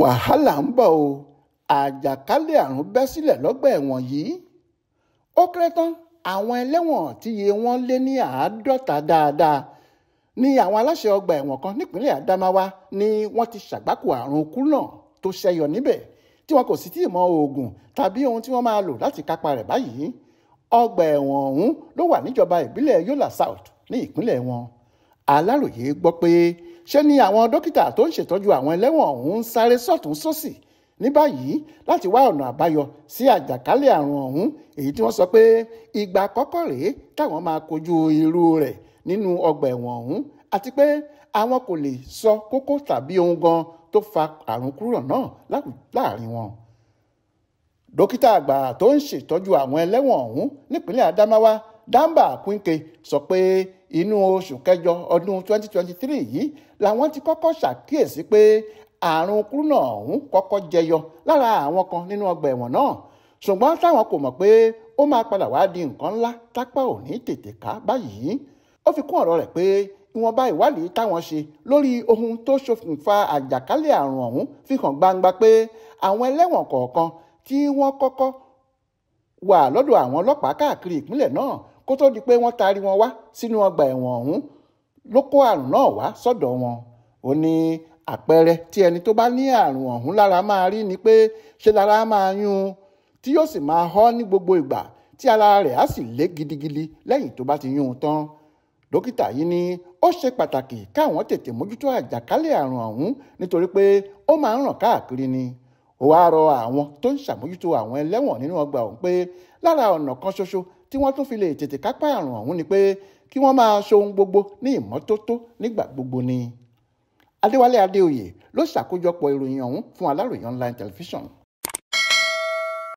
wàhálà ń bọ̀ o àjàkálẹ̀ àrùn bẹ́ sílẹ̀ lọ́gbà ẹ̀wọ̀n yìí ó kéré tán àwọn ẹlẹ́wọ̀n tíye wọn lé ní àádọ́ta dáadáa ni àwọn aláṣẹ ọgbà ẹ̀wọ̀n kan nípínlẹ̀ Adamawa ni wọ́n ti ṣàgbákò àrùn kúnà tó ṣẹyọ níbẹ̀ tí wọn kò sì tí ì mọ oògùn tàbí ohun tí wọ́n máa lò láti kápá rẹ̀ báyìí ọgbà ẹ̀wọ̀n ọ̀hún ló wà níjọba ìbílẹ̀ Yola South ní ìpínlẹ̀ wọn Aláròyé gbọ́ pé ṣe ni àwọn dókítà tó ń ṣètọ́jú àwọn ẹlẹ́wọ̀n ọ̀hún ń sáré sọ́tún sósì ní báyìí láti wá ọ̀nà àbáyọ sí àjàkálẹ̀ àrùn ọ̀hún èyí tí wọ́n sọ pé ìgbà àkọ́kọ́ rèé táwọn máa kojú irú rẹ̀ nínú ọgbà ẹ̀wọ̀n ọ̀hún àti pé àwọn kò lè sọ kókó tàbí ohun gan tó fa àrùn kúrò náà láàrin wọn. dókítà àgbà tó ń ṣètọ́jú àwọn ẹlẹ́wọ̀n ọ̀hún nípínlẹ̀ Adamawa Damba Akinke sọ pé inú oṣù kẹjọ ọdún 2023 yìí làwọn ti kọ́kọ́ ṣàkíyèsí pé àrùn kúrúnà ọ̀hún kọ́kọ́ jẹyọ lára àwọn kan nínú ọgbà ẹ̀wọ̀n náà ṣùgbọ́n táwọn kò mọ̀ pé ó máa padà wá di nǹkan ńlá tápá ò ní tètè ká báyìí ó fi kún ọ̀rọ̀ rẹ̀ pé ìwọ̀nba ìwádìí táwọn ṣe lórí ohun tó ṣokùnfà àjàkálẹ̀ àrùn ọ̀hún fi hàn gbangba pé àwọn ẹlẹ́wọ̀n kọ̀ọ̀kan tí wọ́n kọ́kọ́ wà lọ́dọ̀ àwọn ọlọ́pàá káàkiri ìpínlẹ̀ náà kó tó di pé wọ́n taari wọn wá sínú ọgbà ẹ̀wọ̀n ọ̀hún ló kó àrùn náà wá sọ́dọ̀ wọn ó ní àpẹẹrẹ tí ẹni tó bá ní àrùn ọ̀hún lára máa rí ni pé ṣe lára máa yún un tí yóò sì máa họ́ ní gbogbo ìgbà tí ara rẹ̀ á sì le gidigidi lẹ́yìn tó bá ti yún un tán dókítà yìí ni ó ṣe pàtàkì káwọn tètè mójútó àjàkálẹ̀ àrùn ọ̀hún nítorí pé ó máa ń ràn káàkiri ni ó wáá rọ àwọn tó ń ṣàmójútó àwọn ẹlẹ́wọ̀n nínú ọgbà ọ̀hún pé lára ọ̀nà kan ṣoṣo tí wọ́n tún fi lè tètè kápá àrùn ọ̀hún ni pé kí wọ́n máa ṣohun gbogbo ní ìmọ́tótó nígbà gbogbo ni. Adéwálé Adéoyè ló ṣàkójọpọ̀ ìròyìn ọ̀hún fún Aláròyé online television.